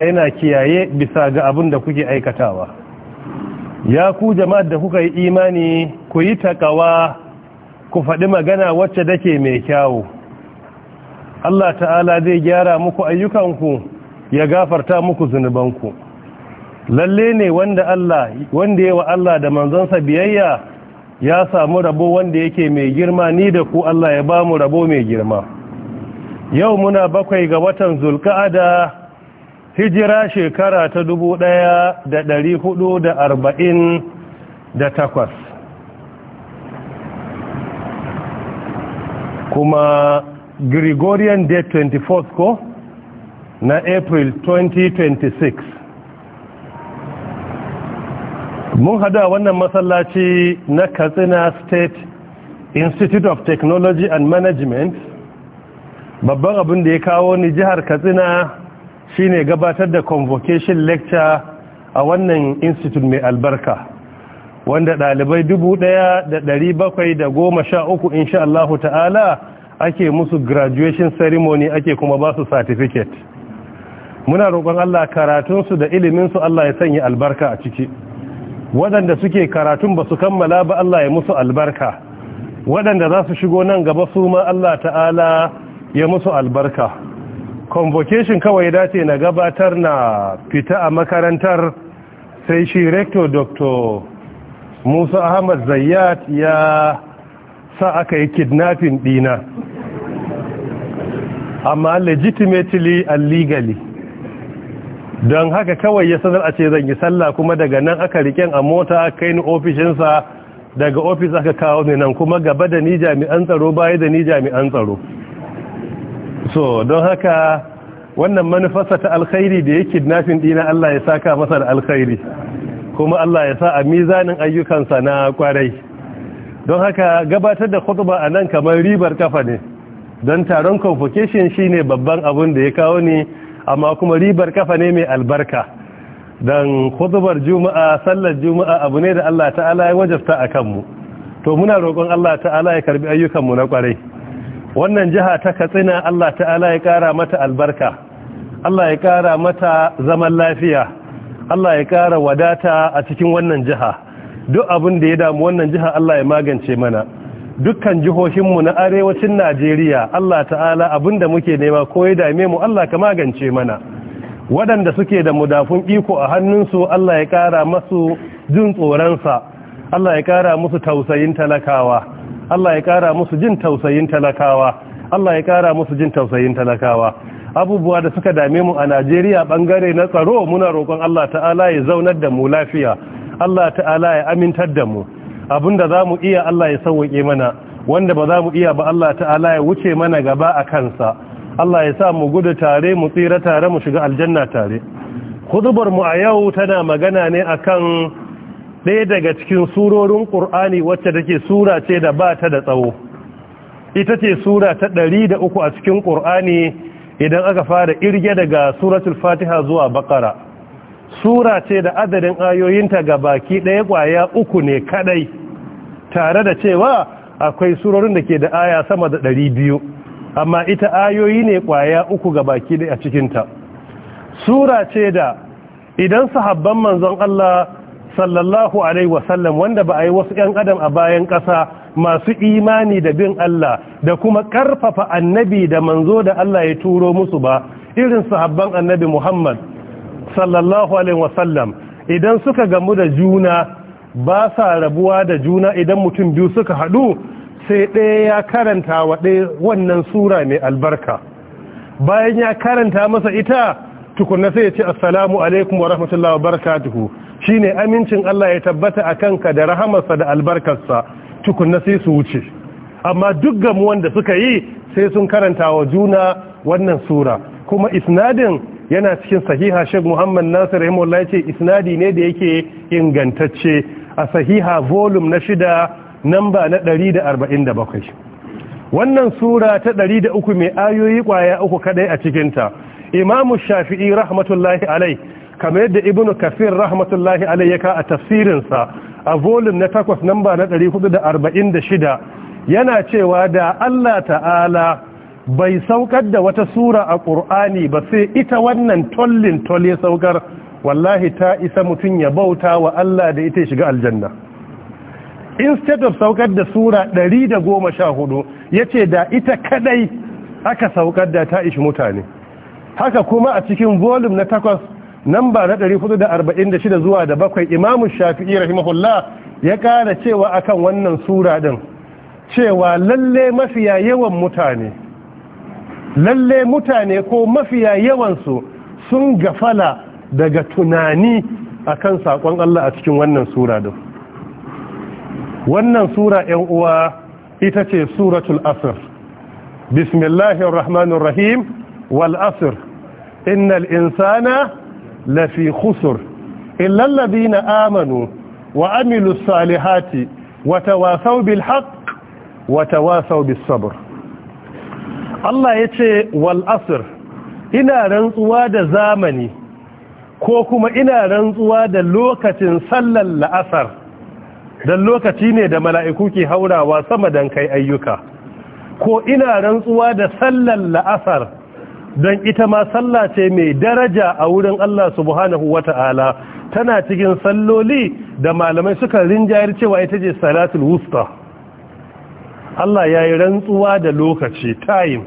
yana kiyaye bisa ga abin da kuke aikatawa ya ku jama'ar da kuka yi imani ku yi takawa ku faɗi magana wacce dake mai kyawu Allah ta'ala zai gyara muku ayyukanku ya gafarta muku zunubanku lalle ne wanda Allah wanda yawa Allah da manzonsa biyayya ya samu rabo wanda yake mai girma ni da ku Allah ya ba mu rabo mai girma yau muna bakwai ga watan zulka'ada hijira shekara ta dubu ɗaya da hudu da arba'in da takwas kuma gregorian day 24 ko na april 2026 mun hada wannan masallaci na katsina state institute of technology and management babban abin da ya kawo ni jihar katsina shine gabatar da convocation lecture a wannan institute mai albarka wanda ɗalibai uku insha Allah ta'ala ake musu graduation ceremony ake kuma ba su certificate muna roƙon Allah karatunsu da iliminsu Allah ya sanya albarka a ciki waɗanda suke karatun ba su kammala ba Allah ya musu albarka waɗanda za su shigo nan gaba su ma Allah ta'ala ya musu albarka convocation kawai dace na gabatar na fita a makarantar sai shi rector dr musa ahmad Zayyad ya sa aka yi kidnapping dina amma legitimately and legally don haka kawai ya sanar a ce zan yi sallah kuma daga nan aka riken a mota kai ni ofishinsa daga ofis aka kawo ni nan kuma gaba da ni jami'an tsaro baya da ni jami'an tsaro so don haka wannan manufarsa ta alkhairi da yake nafin dina Allah ya saka masa da alkhairi kuma Allah ya sa a mizanin ayyukansa na kwarai don haka gabatar da khutba a nan kamar ribar kafa ne don taron convocation shine babban abin da ya kawo ne amma kuma ribar kafa ne mai albarka don khutbar juma'a sallar juma'a abu ne da Allah ta'ala ya wajabta a kanmu to muna roƙon Allah ta'ala ya karbi ayyukanmu na kwarai wannan jiha ta katsina Allah ta'ala ya ƙara mata albarka Allah ya ƙara mata zaman lafiya Allah ya ƙara wadata a cikin wannan jiha duk abin da ya damu wannan jiha Allah ya magance mana dukkan jihohinmu na arewacin Najeriya Allah ta'ala abin da muke nema ko ya dame mu Allah ka magance mana waɗanda suke da mudafun iko a hannunsu Allah ya ƙara masu jin tsoronsa Allah ya ƙara musu tausayin talakawa Allah ya kara musu jin tausayin talakawa Allah ya kara musu jin tausayin talakawa abubuwa da suka dame mu a Najeriya bangare na tsaro muna roƙon Allah ta'ala ya zaunar da mu lafiya Allah ta'ala ya amintar da mu abinda za mu iya Allah ya sauke mana wanda ba za mu iya ba Allah ta'ala ya wuce mana gaba a kansa Allah ya sa mu gudu tare mu tsira tare mu shiga aljanna tare hudubar mu a yau tana magana ne akan ɗaya daga cikin surorin ƙur'ani wacce take sura ce da ba ta da tsawo ita ce sura ta ɗari da uku a cikin ƙur'ani idan aka fara irge daga suratul fatiha zuwa bakara sura ce da adadin ayoyinta ga baki ɗaya ƙwaya uku ne kaɗai tare da cewa akwai surorin da ke da aya sama da ɗari biyu amma ita ayoyi ne ƙwaya uku ga baki ɗaya cikinta sura ce da idan sahabban manzon Allah sallallahu alaihi wasallam wanda ba a yi wasu 'yan adam a bayan ƙasa masu imani da bin Allah da kuma ƙarfafa annabi da manzo da Allah ya turo musu ba irin sahabban annabi Muhammad sallallahu alaihi wasallam idan suka gamu da juna ba sa rabuwa da juna idan mutum biyu suka haɗu sai ɗaya ya karanta wa ɗaya wannan sura mai albarka bayan ya karanta masa ita tukunna sai ya ce assalamu alaikum wa rahmatullahi wa barakatuhu Shi ne amincin Allah ya tabbata a kanka da rahamarsa da albarkarsa tukun na sai su wuce amma duk gamu wanda suka yi sai sun karanta wa juna wannan sura kuma isnadin yana cikin sahiha shek Muhammad Nasir rahimahullah ya ce isnadi ne da yake ingantacce a sahiha volume na shida namba na 147 wannan sura ta 103 mai ayoyi kwaya uku kadai a cikinta imamu shafi'i rahmatullahi alai kamar yadda ibnu kafir rahmatullahi alayyaka a tafsirinsa a volume na takwas namba na 446 yana cewa da Allah ta'ala bai saukar da wata sura a ƙur'ani ba sai ita wannan tollin tolle saukar wallahi ta isa mutum ya bauta wa Allah da ita shiga aljanna instead of saukar da sura 114 ce da ita kadai aka saukar da ta ishi mutane haka kuma a cikin volume na takwas namba na 446 zuwa da bakwai imamu shafi'i rahimahullah ya kara cewa akan wannan sura din cewa lalle mafiya yawan mutane lalle mutane ko mafiya yawansu sun gafala daga tunani akan saƙon Allah a cikin wannan sura din wannan sura ‘yan uwa ita ce suratul asir bismillahir rahmanir rahim wal asir innal insana lafi khusur illa alladhina amanu wa amilu salihati wa tawasaw bil haqq wa tawasaw bis sabr Allah yace wal asr ina rantsuwa da zamani ko kuma ina rantsuwa da lokacin sallar la'asar don lokaci ne da mala'iku ke haurawa sama dan kai ayyuka ko ina rantsuwa da sallar la'asar don ita ma sallah ce mai daraja a wurin Allah subhanahu wa ta'ala tana cikin salloli da malamai suka rinjayar cewa ita ce salatul wusta Allah ya yi rantsuwa da lokaci time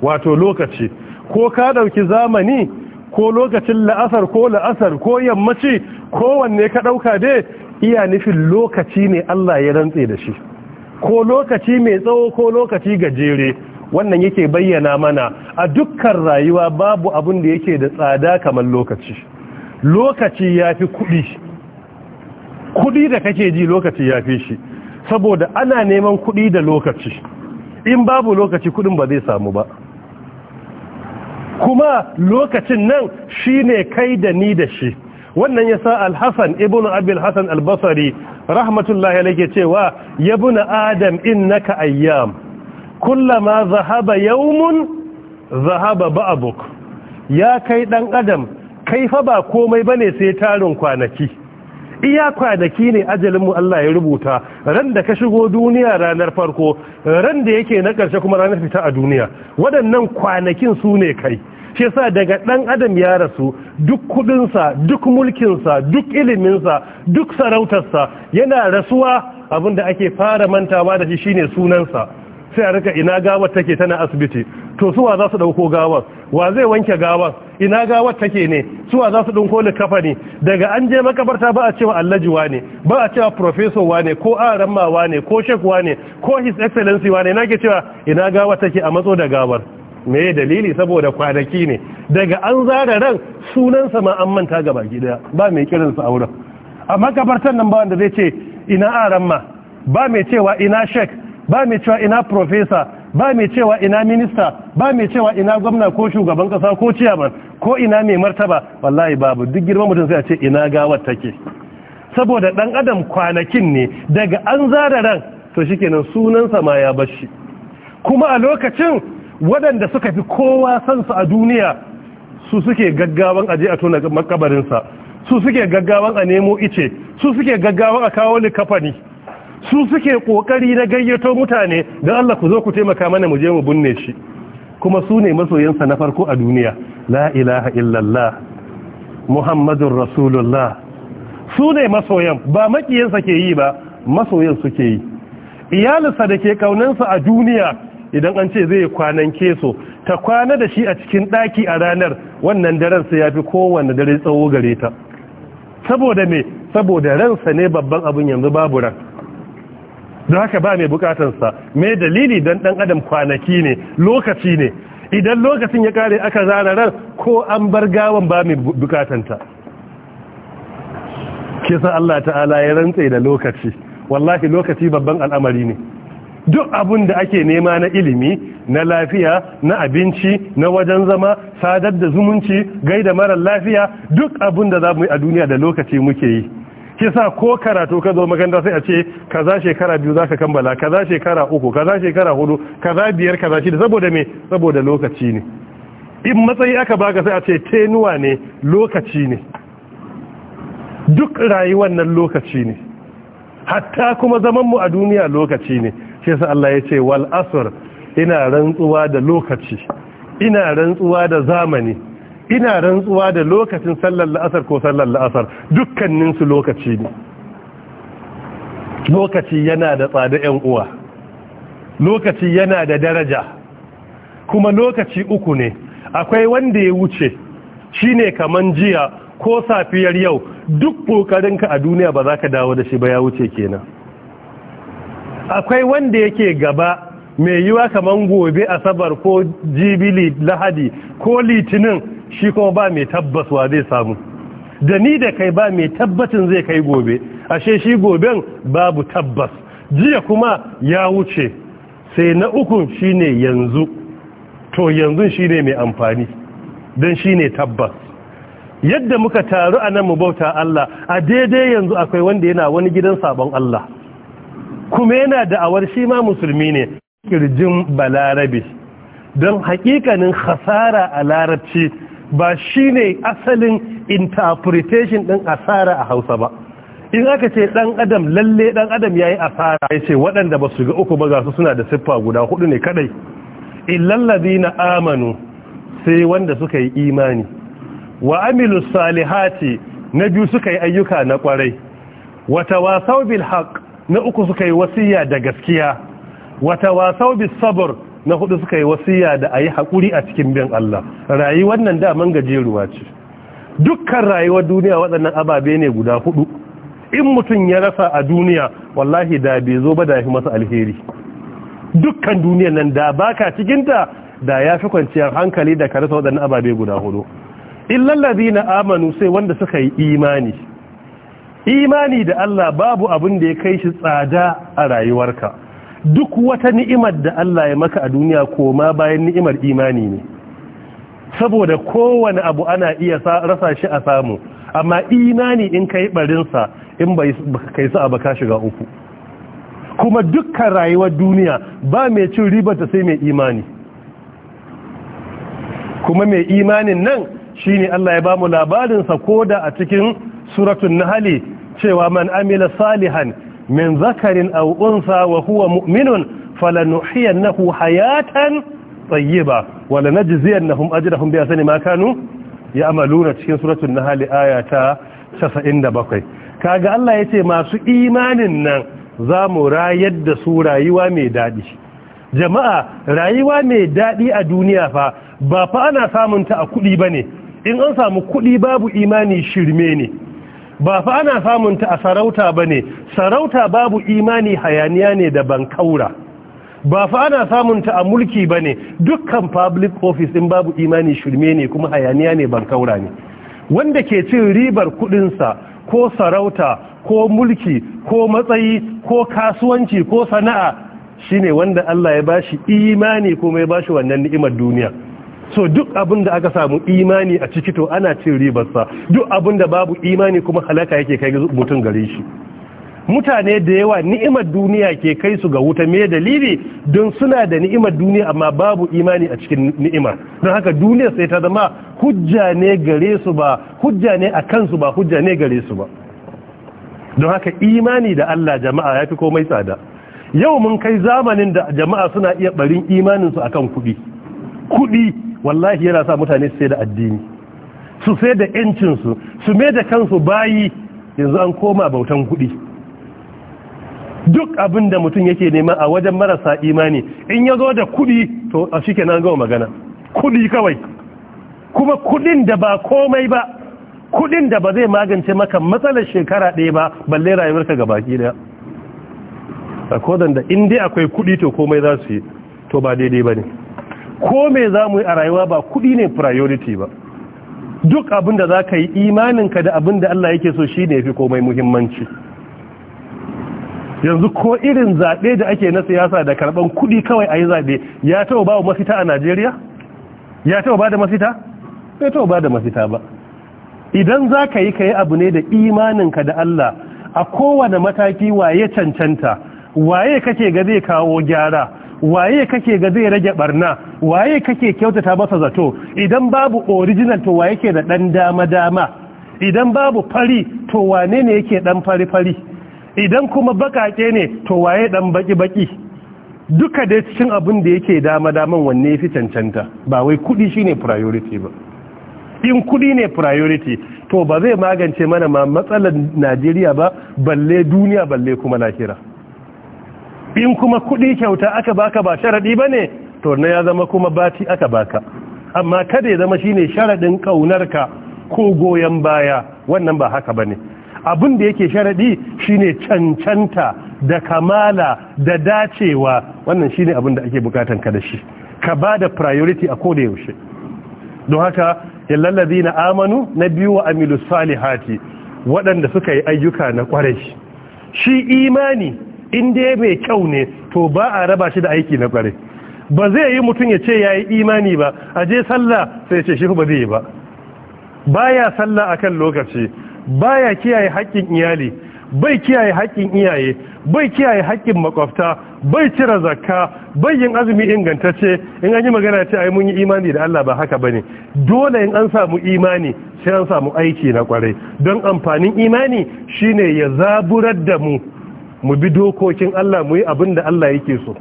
wato lokaci ko ka ɗauki zamani ko lokacin la'asar ko la'asar ko yammaci kowanne ka ɗauka dai iya nufin lokaci ne Allah ya rantse da shi ko lokaci mai tsawo ko lokaci gajere wannan yake bayyana mana a dukkan rayuwa babu abin da yake da tsada kamar lokaci lokaci ya fi kuɗi kuɗi da kake ji lokaci ya fi shi saboda ana neman kuɗi da lokaci in babu lokaci kuɗin ba zai samu ba kuma lokacin nan shi ne kai da ni da shi wannan ya sa alhassan ibn abil hassan albasari rahmatullahi alaike cewa ya buna adam in innaka ayyam kullama zahaba yaumun zahaba ba'abuk ya kai dan adam kai fa ba komai bane sai tarin kwanaki iya kwanaki ne mu Allah ya rubuta ran da ka shigo duniya ranar farko ran da yake na ƙarshe kuma ranar fita a duniya waɗannan kwanakin su ne kai shi yasa daga ɗan adam ya rasu duk kudinsa duk mulkinsa duk iliminsa duk sarautarsa yana rasuwa abinda ake fara mantawa da shi shine sunansa sai a rika ina gawar take tana asibiti to suwa za su dauko gawar wa zai wanke gawar ina gawar take ne suwa za su dinko likafa ne daga an je makabarta ba a cewa allajiwa ne ba a cewa professor wa ko aramma ne ko shek wa ko his excellency wa ne nake cewa ina gawar take a matso da gawar me dalili saboda kwanaki ne daga an zara ran sunansa ma an manta gaba gida ba mai kiran a auren amma kabartan nan ba wanda zai ce ina aramma ba mai cewa ina shek ba mai cewa ina profesa ba mai cewa ina minista ba mai cewa ina gwamna ko shugaban kasa ko ciyaman ko ina mai martaba wallahi babu duk girman mutum sai a ce ina gawar take saboda dan adam kwanakin ne daga an zara ran to shikenan sunansa ma ya bashi kuma a lokacin waɗanda suka fi kowa san su a duniya su suke gaggawan aje a tona makabarinsa su suke gaggawan a nemo ice su suke gaggawan a kawo likafani su suke kokari na gayyato mutane don Allah ku zo ku taimaka mana mu je mu binne shi kuma su ne masoyansa na farko a duniya la ilaha illallah muhammadun rasulullah su ne masoyan ba makiyansa ke yi ba masoyan suke yi iyalinsa da ke kaunansa a duniya idan an ce zai kwanan keso ta kwana da shi a cikin ɗaki a ranar wannan daren sai ya fi kowane dare tsawo gare ta saboda me saboda ransa ne babban abin yanzu babu ran don haka ba mai bukatansa mai dalili don ɗan adam kwanaki ne lokaci ne idan lokacin ya kare aka zana ran ko an bar gawan ba mai bukatanta kisa Allah ta'ala ya rantse da lokaci wallahi lokaci babban al'amari ne duk abun da ake nema na ilimi na lafiya na abinci na wajen zama sadar da zumunci gaida marar lafiya duk abun da za mu yi a duniya da lokaci muke yi Kisa ko karatu ka zo makaranta sai a ce kaza shekara biyu zaka kammala kaza shekara uku kaza shekara hudu kaza biyar kaza shida saboda me saboda lokaci ne in matsayi aka baka sai a ce tenuwa ne lokaci ne duk rayuwar nan lokaci ne hatta kuma zaman mu a duniya lokaci ne shi sa Allah ya ce wal asr ina rantsuwa da lokaci ina rantsuwa da zamani ina rantsuwa da lokacin sallar la'asar ko sallar la'asar dukkaninsu lokaci ne lokaci yana da tsada 'yan uwa lokaci yana da daraja kuma lokaci uku ne akwai wanda ya wuce shine kaman jiya ko safiyar yau duk ƙoƙarinka a duniya ba za ka dawo da shi ba ya wuce kenan akwai wanda yake gaba mai yiwa kaman gobe asabar ko jibili lahadi ko litinin shi kuma ba mai tabbas wa zai samu da ni da kai ba mai tabbacin zai kai gobe ashe shi goben babu tabbas jiya kuma ya wuce sai na ukun shine yanzu to yanzu shine mai amfani don shine tabbas yadda muka taru a nan mu bauta Allah a daidai yanzu akwai wanda yana wani gidan sabon Allah kuma yana da'awar shi ma musulmi ne kirjin balarabe don hakikanin khasara a larabci ba shi ne asalin interpretation ɗin asara a Hausa ba in aka ce ɗan adam lalle ɗan adam ya yi asara ce waɗanda ba su ga uku ba gasu suna da siffa guda hudu ne kadai illal na amanu sai wanda suka yi imani wa amilu salihati na biyu suka yi ayyuka na kwarai Wata wasau bil haq na uku suka yi wasiya da gaskiya Wata wasau Bil sabr na hudu suka yi wasiya da a yi haƙuri a cikin bin Allah rayuwar nan daman gajeruwa ce dukkan rayuwar duniya waɗannan ababe ne guda hudu in mutum ya rasa a duniya wallahi da bai zo ba da ya fi masa alheri dukkan duniya nan da ba ka cikinta da ya fi kwanciyar hankali da ka rasa waɗannan ababe guda hudu illallazi na amanu sai wanda suka yi imani imani da Allah babu abin da ya kai shi tsada a rayuwarka duk wata ni'imar da Allah ya maka a duniya koma bayan ni'imar imani ne saboda kowane abu ana iya rasa shi a samu amma imani in kai barinsa in bai kai sa ba ka shiga uku kuma dukkan rayuwar duniya ba mai cin ta sai mai imani kuma mai imanin nan shine Allah ya bamu labarinsa ko da a cikin suratun nahali cewa man amila salihan min zakarin aw unsa wa huwa mu'minun falanuhyiyannahu hayatan tayyiba wa lanajziyannahum ajrahum bi ahsani ma kanu ya'maluna cikin suratun suratul nahl aya ta bakwai. kaga Allah yace masu imanin nan za mu rayar da su rayuwa mai daɗi. jama'a rayuwa mai daɗi a duniya fa ba fa ana samun ta a kuɗi bane in an samu kuɗi babu imani shirme ne ba fa ana samunta a sarauta ba ne sarauta babu imani hayaniya ne da bankaura ba fa ana samunta a mulki ba ne dukkan public office din babu imani shirme ne kuma hayaniya ne bankaura ne wanda ke cin ribar kudinsa ko sarauta ko mulki ko matsayi ko kasuwanci ko sana'a shine wanda Allah ya bashi imani kuma ya bashi wannan ni'imar duniya so duk abin da aka samu imani a ciki to ana cin ribarsa duk abin da babu imani kuma halaka yake kai mutum gare shi mutane da yawa ni'imar duniya ke kai su ga wuta me dalili don suna da ni'imar duniya amma babu imani a cikin ni'imar don haka duniya sai ta zama hujja ne gare su ba hujja ne a kansu ba hujja ne gare su ba don haka imani da Allah jama'a ya fi komai tsada yau mun kai zamanin da jama'a suna iya barin imaninsu akan kuɗi kuɗi wallahi yana sa mutane su sai da addini su sai da yancinsu su mai da kansu bayi yanzu an koma bautan kuɗi duk abin da mutum yake nema a wajen marasa imani in ya zo da kuɗi to a shi nan gama magana kuɗi kawai kuma kuɗin da ba komai ba kuɗin da ba zai magance maka matsalar shekara ɗaya ba balle rayuwarka ga baki ɗaya a kodan da inda akwai kuɗi to komai za su yi to ba daidai ba ne ko me za mu yi a rayuwa ba kuɗi ne priority ba duk abinda da za ka yi imaninka da abin da Allah yake so shi ne fi komai muhimmanci yanzu ko irin zaɓe da ake na siyasa da karɓar kuɗi kawai a yi zaɓe ya taɓa ba mafita a najeriya ya taɓa ba da mafita ya taɓa ba da mafita ba idan za ka yi ka yi abu ne da imaninka da Allah a kowane mataki waye cancanta waye kake ga zai kawo gyara waye kake ga zai rage barna waye kake kyautata masa zato idan babu original to waye ke da dan dama dama idan babu fari to wane ne yake dan fari fari idan kuma bakake ne to waye dan baki baki duka dai cikin abin da yake dama daman wanne yafi cancanta ba wai kudi shine priority ba in kudi ne priority to ba zai magance mana ma matsalar Najeriya ba balle duniya balle kuma lahira in kuma kuɗi kyauta aka baka ba sharaɗi ba ne to na ya zama kuma bati aka baka amma kada ya zama shine sharaɗin ƙaunarka ko goyon baya wannan ba haka ba ne abin da yake sharaɗi shine cancanta da kamala da dacewa wannan shine abin da ake bukatan ka da shi ka ba da priority a koda yaushe don haka yallallazi na amanu na biyu wa amilu salihati waɗanda suka yi ayyuka na kwarai. shi imani in dai mai kyau ne to ba a raba shi da aiki na kware ba zai yi mutum ya ce ya yi imani ba a je sallah sai ce shi ba zai yi ba baya sallah a kan lokaci ba ya kiyaye haƙƙin iyali bai kiyaye haƙƙin iyaye bai kiyaye haƙƙin makwabta bai cire zakka bai yin azumi ingantacce in an yi magana ce yi mun yi imani da Allah ba haka ba ne dole in an samu imani sai an samu aiki na kwarai don amfanin imani shine ya zaburar da mu mu bi dokokin Allah mu yi abin da Allah yake so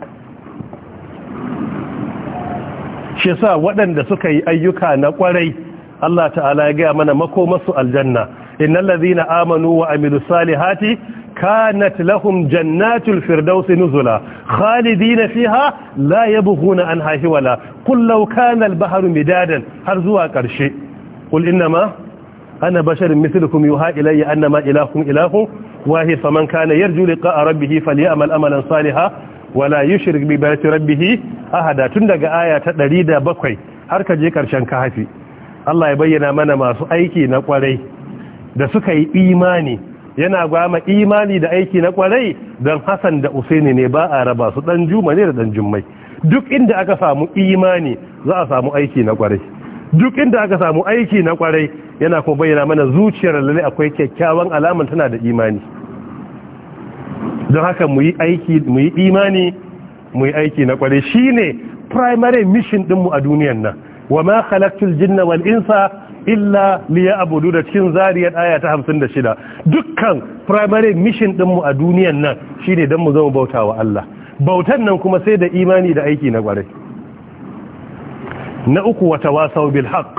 shi sa waɗanda suka yi ayyuka na ƙwarai Allah ta'ala ya gaya mana makomarsu aljanna innal ladhina amanu wa amilus salihati kanat lahum jannatul firdausi nuzula khalidina fiha la yabghuna anha hiwala qul law kana al-bahru midadan har zuwa ƙarshe qul ma. ana basharin mislukum yuha ilayya annama ilahukum ilahun wahid faman kana yarju liqa'a rabbih falyamal amalan salihan wala yushrik bi ibadati rabbih ahada tun daga aya ta ɗari da bakwai har ka je karshen kafi Allah ya bayyana mana masu aiki na kwarai da suka yi imani yana gwama imani da aiki na kwarai don Hassan da Usaini ne ba a raba su dan ne da dan duk inda aka samu imani za a samu aiki na duk inda aka samu aiki na kwarai yana kuma bayyana mana zuciyar lalle akwai kyakkyawan alamar tana da imani don haka mu yi aiki mu yi imani mu yi aiki na kware shine primary mission din mu a duniyar nan wa ma khalaqtul jinna wal insa illa liya'budu da cikin zariyar aya ta 56 dukkan primary mission din mu a duniyar nan shine dan mu zama wa Allah bautan nan kuma sai da imani da aiki na kware na uku wa tawasau bil haqq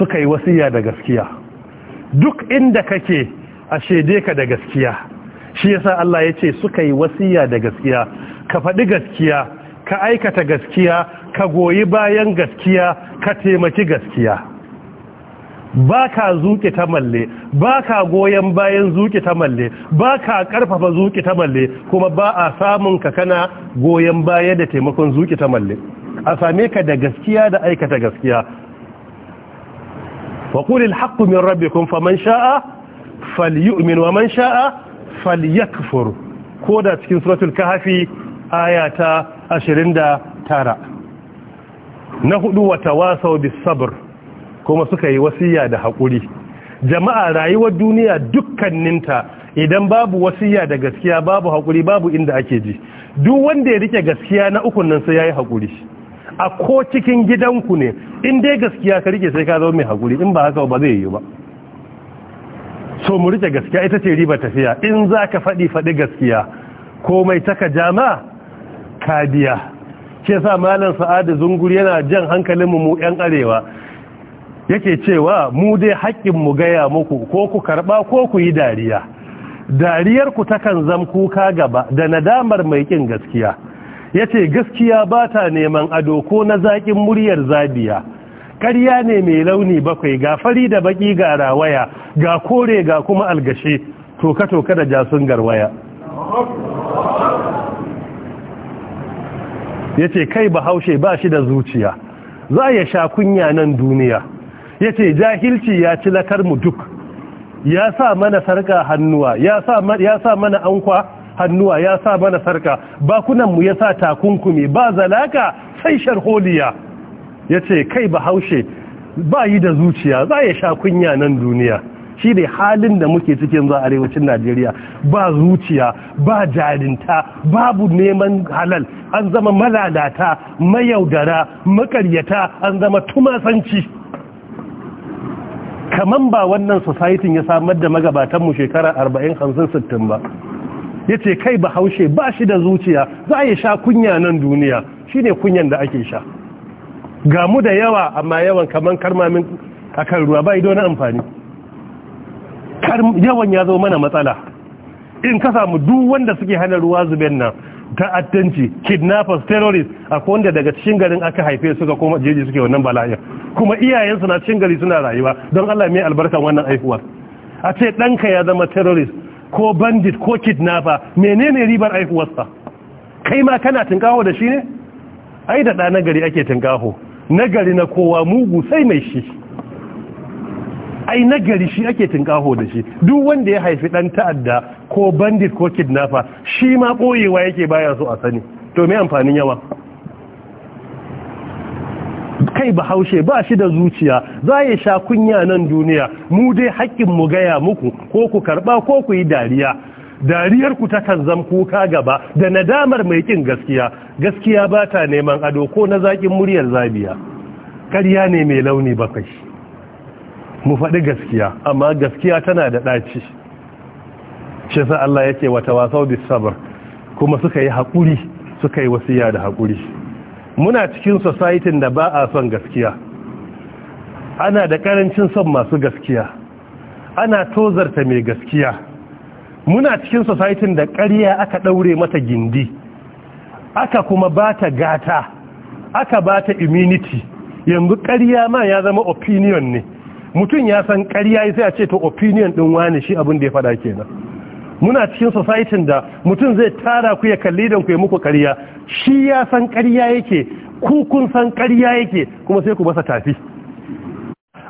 suka yi wasiya da gaskiya duk inda kake a shaide ka da gaskiya shi yasa Allah ya ce suka yi wasiya da gaskiya ka faɗi gaskiya ka aikata gaskiya ka goyi bayan gaskiya ka taimaki gaskiya ba ka zuƙi ta malle ba ka goyon bayan zuƙi ta malle ba ka ƙarfafa zuƙi ta malle kuma ba a samun ka kana goyon baya da taimakon zuƙi ta malle a same ka da gaskiya da aikata gaskiya wa qulil haqqu min rabbikum faman sha'a falyu'min wa man sha'a falyakfur da cikin suratul ayata ashirin da tara. na huɗu wa tawasaw bis sabr kuma suka yi wasiya da haƙuri. jama'a rayuwar duniya dukkaninta idan babu wasiya da gaskiya babu hakuri babu inda ake ji duk wanda ya rike gaskiya na ukun nan sai yayi hakuri a ko cikin gidanku ne in dai gaskiya ka rike sai ka zo mai hakuri in ba haka ba zai yi ba so mu rike gaskiya ita ce riba tafiya in za ka faɗi faɗi gaskiya komai taka jama ka biya ke sa malam sa'adu zungur yana jan hankalin mu mu 'yan arewa yake cewa mu dai haƙƙin mu gaya muku ko ku karɓa ko ku yi dariya dariyarku takan zam kuka gaba da nadamar mai ƙin gaskiya ya ce gaskiya ba ta neman ado ko na zaƙin muryar zabiya ƙarya ne mai launi bakwai ga fari da baƙi ga rawaya ga kore ga kuma algashe. toka-toka da jasun garwaya ya ce kai bahaushe ba shi da zuciya za ya sha kunya nan duniya ya ce jahilci ya ci lakar mu duk ya sa mana sarka hannuwa ya sa mana ankwa hannuwa ya sa mana sarka mu ya sa takunkumi ba zalaka sai sharholiya ya ce kai bahaushe ba yi da zuciya za ya sha kunya nan duniya shi ne halin da muke cikin za arewacin najeriya ba zuciya ba jarinta babu neman halal an zama malalata mayaudara makaryata an zama tumasanci kaman ba wannan society ya samar da magabatanmu shekara 40 50 60 ba ya ce kai bahaushe ba shi da zuciya za a yi sha kunya nan duniya shi ne kunyan da ake sha gamu da yawa amma yawan kaman karmamin akan ruwa ba ido na amfani yawan ya zo mana matsala in ka samu duk wanda suke hana ruwa zuben nan ta'addanci kidnappers terrorists a wanda daga cikin garin aka haife suka koma jeji suke wannan bala'in kuma iyayensu na cikin gari suna rayuwa don Allah mai albarkan wannan aihuwar a ce ɗanka ya zama terrorist ko bandit ko kidnapper menene ribar aihuwarsa kai ma kana tunkaho da shi ne ai da ɗa nagari ake tunkaho nagari na kowa mugu sai mai shi ai nagari shi ake tunkaho da shi duk wanda ya haifi ɗan ta'adda ko bandit ko kidnapper shi ma ɓoyewa yake baya so a sani to me amfanin yawa kai bahaushe ba shi da zuciya za ya sha kunya nan duniya mu dai haƙƙin mu gaya muku ko ku karɓa ko ku yi dariya dariyar ku kan zam kuka gaba da nadamar mai ƙin gaskiya gaskiya ba ta neman ado ko na zaƙin muryar zabiya ƙarya ne mai launi bakwai mu faɗi gaskiya amma gaskiya tana da ɗaci shi sa Allah yake wata wasau bisabar kuma suka yi haƙuri suka yi wasiya da haƙuri muna cikin society da ba a son gaskiya ana da karancin son masu gaskiya ana tozarta mai gaskiya muna cikin society da ƙarya aka ɗaure mata gindi aka kuma ba ta gata aka ba ta immunity yanzu ƙarya ma ya zama opinion ne mutum ya san ƙarya sai a ce ta opinion ɗin wani shi abin da ya faɗa kenan muna cikin society da mutum zai tara ku ya kalli dan ku ya muku karya shi ya san ƙarya yake ku kun san ƙarya yake kuma sai ku masa tafi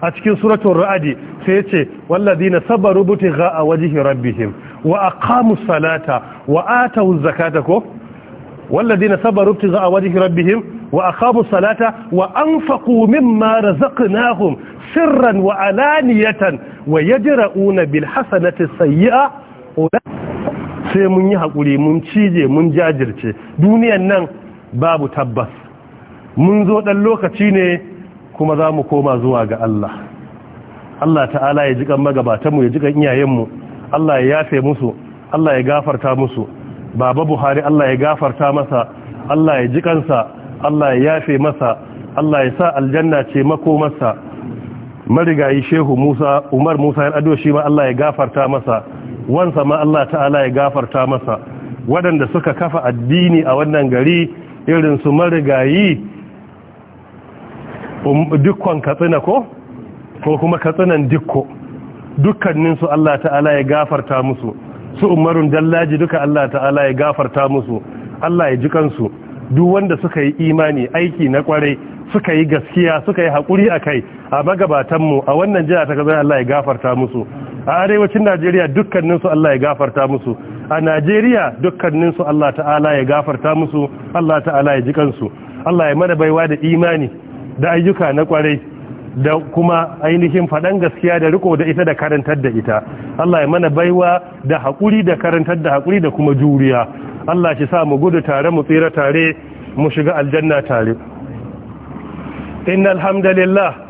a cikin suratul ra'adi sai ya ce walladina sabaru butigha a wajhi rabbihim wa aqamu salata wa atu zakata ko walladina sabaru butigha a wajhi rabbihim wa aqamu salata wa anfaqu mimma razaqnahum sirran wa alaniyatan wa yajra'una bil hasanati sayyi'a ƙoda sai mun yi haƙuri mun cije mun jajirce duniyan nan babu tabbas mun zo ɗan lokaci ne kuma za mu koma zuwa ga Allah Allah ta'ala ya jikan magabatanmu ya jikan iyayenmu Allah ya yafe musu Allah ya gafarta musu baba Buhari Allah ya gafarta masa Allah ya jikansa Allah ya yafe masa Allah ya sa aljanna ce makomarsa marigayi shehu Musa Umar Musa ya ado shi ma Allah ya gafarta masa wansa ma Allah ta'ala ya gafarta masa waɗanda suka kafa addini a wannan gari irin su marigayi um, dukkan katsina ko ko kuma katsinan dukko su Allah ta'ala ya gafarta musu su umarun dallaji duka Allah ta'ala ya gafarta musu Allah ya ji kansu duk wanda suka yi imani aiki na kwarai suka yi gaskiya suka yi haƙuri a kai a magabatanmu a wannan jiya ta kazan Allah ya gafarta musu a arewacin Najeriya dukkaninsu Allah ya gafarta musu a Najeriya dukkaninsu Allah ta'ala ya gafarta musu Allah ta'ala ya ji kansu Allah ya mana baiwa da imani da ayyuka na kwarai da kuma ainihin faɗan gaskiya da riko da ita da karantar da ita Allah ya mana baiwa da haƙuri da karantar da haƙuri da kuma juriya Allah shi sa mu gudu tare mu tsira tare mu shiga aljanna tare innal hamdalillah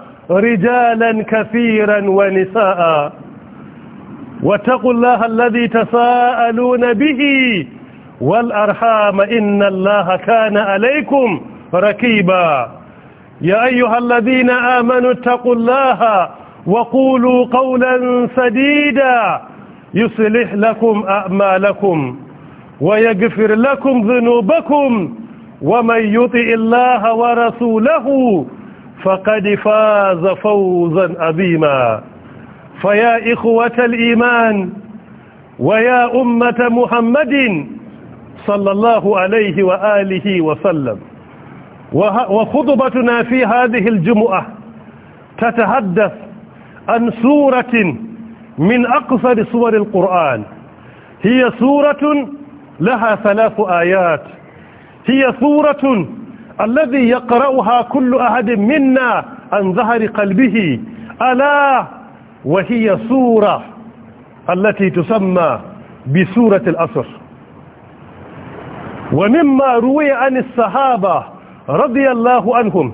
رجالا كثيرا ونساء واتقوا الله الذي تساءلون به والأرحام إن الله كان عليكم ركيبا يا أيها الذين آمنوا اتقوا الله وقولوا قولا سديدا يصلح لكم أعمالكم ويغفر لكم ذنوبكم ومن يطئ الله ورسوله فقد فاز فوزا عظيما فيا إخوة الإيمان ويا أمة محمد صلى الله عليه وآله وسلم وخطبتنا في هذه الجمعة تتحدث عن سورة من أقصر سور القرآن هي سورة لها ثلاث آيات هي سورة الذي يقرأها كل أحد منا عن ظهر قلبه ألا وهي سورة التي تسمى بسورة الأسر ومما روي عن الصحابة رضي الله عنهم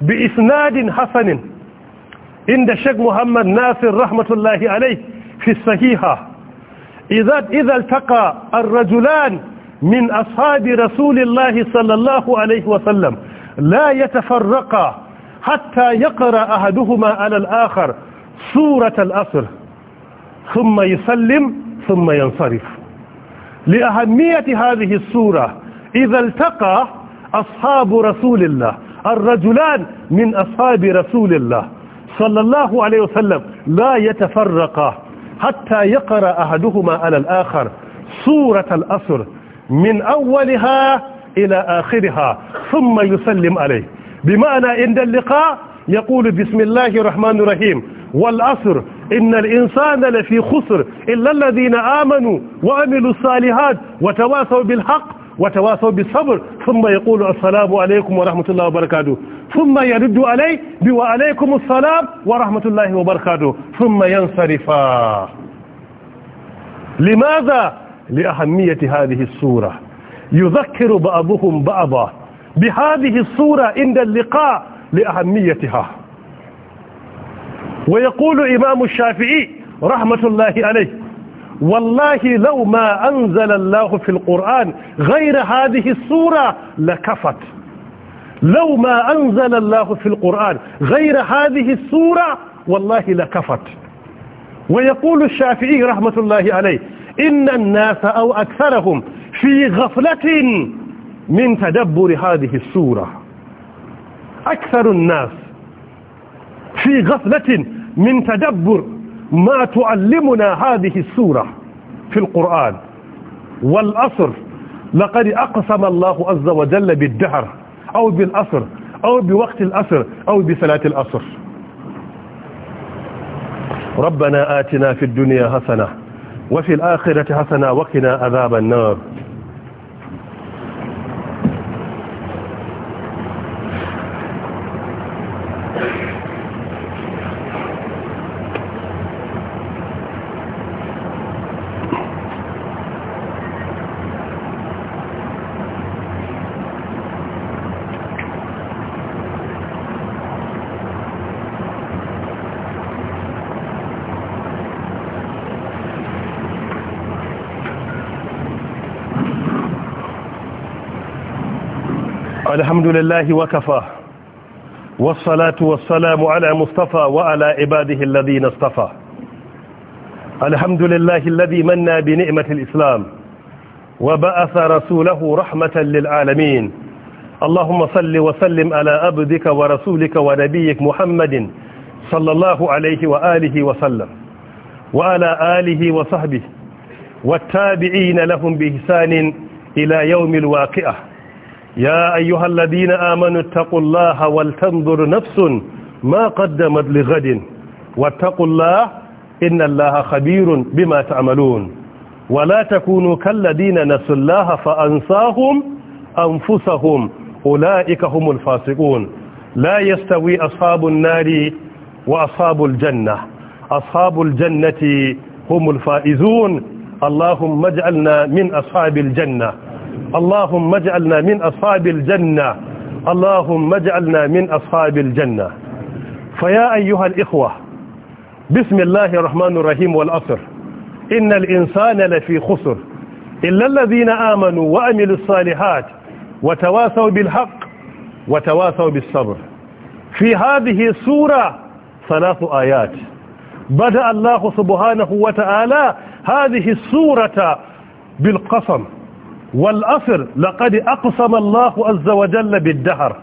بإسناد حسن عند الشيخ محمد ناصر رحمة الله عليه في الصحيحة إذا, إذا التقى الرجلان من أصحاب رسول الله صلى الله عليه وسلم لا يتفرقا حتى يقرأ أحدهما على الآخر سورة الأصر ثم يسلم ثم ينصرف لأهمية هذه السورة إذا التقى أصحاب رسول الله الرجلان من أصحاب رسول الله صلى الله عليه وسلم لا يتفرقا حتى يقرأ أحدهما على الآخر سورة الأصر من أولها إلى آخرها ثم يسلم عليه بمعنى عند اللقاء يقول بسم الله الرحمن الرحيم والأصر إن الإنسان لفي خسر إلا الذين آمنوا وعملوا الصالحات وتواصوا بالحق وتواصوا بالصبر ثم يقول السلام عليكم ورحمة الله وبركاته ثم يرد عليه وعليكم السلام ورحمة الله وبركاته ثم ينصرفا لماذا لأهمية هذه الصورة يذكر بعضهم بعضا بهذه الصورة عند اللقاء لأهميتها ويقول إمام الشافعي رحمة الله عليه والله لو ما أنزل الله في القرآن غير هذه الصورة لكفت لو ما أنزل الله في القرآن غير هذه الصورة والله لكفت ويقول الشافعي رحمة الله عليه إن الناس أو أكثرهم في غفلة من تدبر هذه السورة أكثر الناس في غفلة من تدبر ما تعلمنا هذه السورة في القرآن والأصر لقد أقسم الله عز وجل بالدهر أو بالأصر أو بوقت الأصر أو بصلاة الأصر ربنا آتنا في الدنيا حسنه وفي الآخرة حسنا وقنا عذاب النار الحمد لله وكفى والصلاة والسلام على مصطفى وعلى عباده الذين اصطفى الحمد لله الذي منى بنعمة الإسلام وبعث رسوله رحمة للعالمين اللهم صل وسلم على أبدك ورسولك ونبيك محمد صلى الله عليه وآله وسلم وعلى آله وصحبه والتابعين لهم بإحسان إلى يوم الواقعة يا أيها الذين آمنوا اتقوا الله ولتنظر نفس ما قدمت لغد واتقوا الله إن الله خبير بما تعملون ولا تكونوا كالذين نسوا الله فأنساهم أنفسهم أولئك هم الفاسقون لا يستوي أصحاب النار وأصحاب الجنة أصحاب الجنة هم الفائزون اللهم اجعلنا من أصحاب الجنة اللهم اجعلنا من أصحاب الجنة اللهم اجعلنا من أصحاب الجنة فيا أيها الإخوة بسم الله الرحمن الرحيم والأصر إن الإنسان لفي خسر إلا الذين آمنوا وأملوا الصالحات وتواصوا بالحق وتواصوا بالصبر في هذه السورة ثلاث آيات بدأ الله سبحانه وتعالى هذه السورة بالقسم والأصر لقد أقسم الله عز وجل بالدهر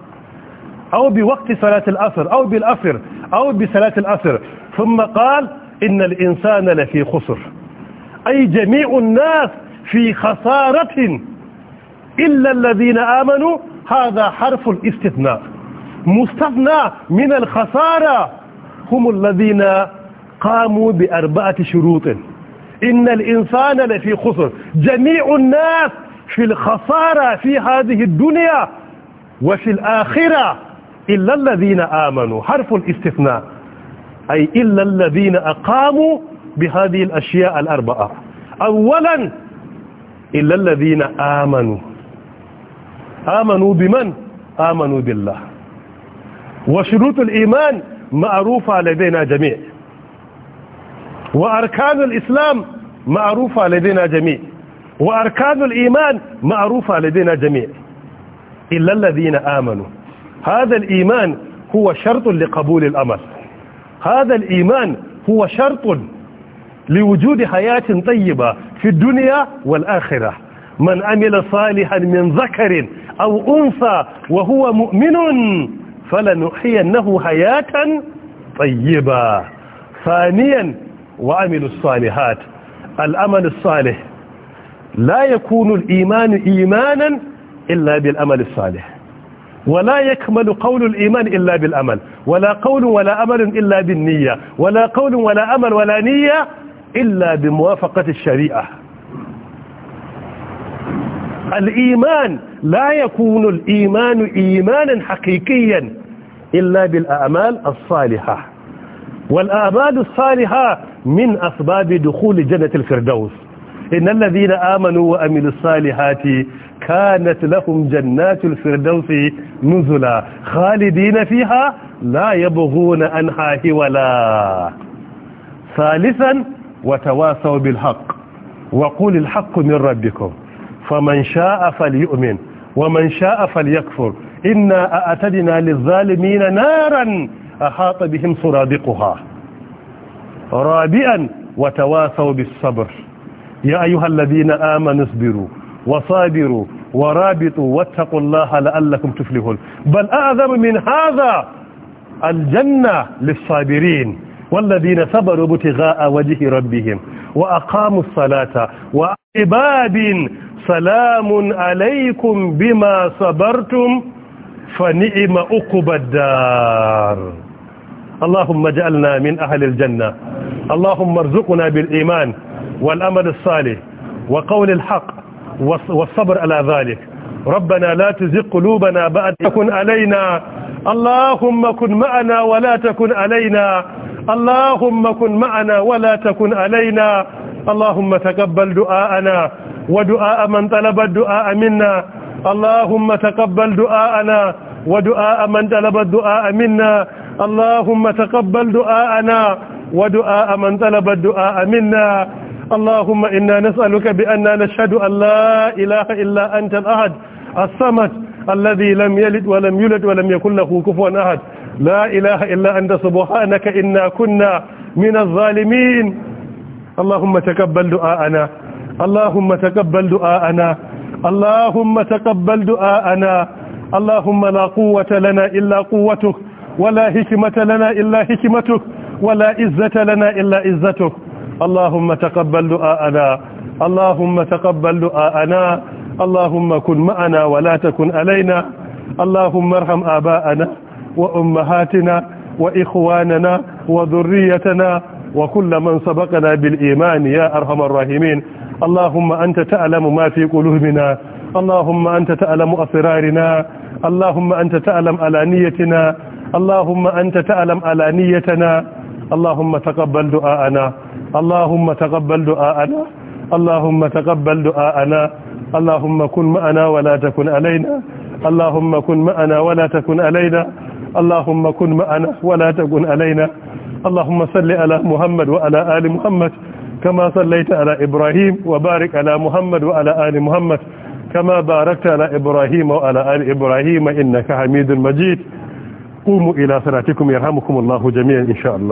أو بوقت صلاة الأصر أو بالأصر أو بصلاة الأصر ثم قال إن الإنسان لفي خسر أي جميع الناس في خسارة إلا الذين آمنوا هذا حرف الاستثناء مستثنى من الخسارة هم الذين قاموا بأربعة شروط إن الإنسان لفي خسر جميع الناس في الخسارة في هذه الدنيا وفي الآخرة إلا الذين آمنوا حرف الاستثناء أي إلا الذين أقاموا بهذه الأشياء الأربعة أولا إلا الذين آمنوا آمنوا بمن؟ آمنوا بالله وشروط الإيمان معروفة لدينا جميع وأركان الإسلام معروفة لدينا جميع وأركان الإيمان معروفة لدينا جميع إلا الذين آمنوا هذا الإيمان هو شرط لقبول الأمر هذا الإيمان هو شرط لوجود حياة طيبة في الدنيا والآخرة من عمل صالحا من ذكر أو أنثى وهو مؤمن فلنحيينه حياة طيبة ثانيا وعمل الصالحات الأمل الصالح لا يكون الإيمان إيمانا إلا بالأمل الصالح ولا يكمل قول الإيمان إلا بالأمل ولا قول ولا أمل إلا بالنية ولا قول ولا أمل ولا نية إلا بموافقة الشريعة الإيمان لا يكون الإيمان إيمانا حقيقيا إلا بالأعمال الصالحة والأعمال الصالحة من أسباب دخول جنة الفردوس إن الذين آمنوا وأملوا الصالحات كانت لهم جنات الفردوس نزلا خالدين فيها لا يبغون أنها هولا ثالثا وتواصوا بالحق وقول الحق من ربكم فمن شاء فليؤمن ومن شاء فليكفر إنا أأتدنا للظالمين نارا أحاط بهم سرادقها رابعا وتواصوا بالصبر يا أيها الذين آمنوا اصبروا وصابروا ورابطوا واتقوا الله لعلكم تفلحون بل أعظم من هذا الجنة للصابرين والذين صبروا ابتغاء وجه ربهم وأقاموا الصلاة وعباد سلام عليكم بما صبرتم فنئم أقب الدار اللهم اجعلنا من أهل الجنة اللهم ارزقنا بالإيمان والأمل الصالح وقول الحق والصبر على ذلك ربنا لا تزغ قلوبنا بعد تكن علينا اللهم كن معنا ولا تكن علينا اللهم كن معنا ولا تكن علينا اللهم تقبل دعاءنا ودعاء من طلب الدعاء منا اللهم تقبل دعاءنا ودعاء من طلب الدعاء منا اللهم تقبل دعاءنا ودعاء من طلب الدعاء منا اللهم إنا نسألك بأننا نشهد أن لا إله إلا أنت الأحد الصمد الذي لم يلد ولم يولد ولم يكن له كفوا أحد لا إله إلا أنت سبحانك إنا كنا من الظالمين اللهم تقبل دعاءنا اللهم تقبل دعاءنا اللهم تقبل دعاءنا اللهم لا قوة لنا إلا قوتك ولا حكمة لنا إلا حكمتك ولا عزة لنا إلا عزتك اللهم تقبل دعاءنا اللهم تقبل دعاءنا اللهم كن معنا ولا تكن علينا اللهم ارحم آباءنا وأمهاتنا وإخواننا وذريتنا وكل من سبقنا بالإيمان يا أرحم الراحمين اللهم أنت تعلم ما في قلوبنا اللهم أنت تعلم أسرارنا اللهم أنت تعلم ألانيتنا اللهم أنت تعلم ألانيتنا اللهم تقبل دعاءنا اللهم تقبل دعاءنا اللهم تقبل دعاءنا اللهم كن معنا ولا تكن علينا اللهم كن معنا ولا تكن علينا اللهم كن معنا ولا تكن علينا اللهم صل على محمد وعلى آل محمد كما صليت على إبراهيم وبارك على محمد وعلى آل محمد كما باركت على إبراهيم وعلى آل إبراهيم إنك حميد مجيد قوموا إلى صلاتكم يرحمكم الله جميعا إن شاء الله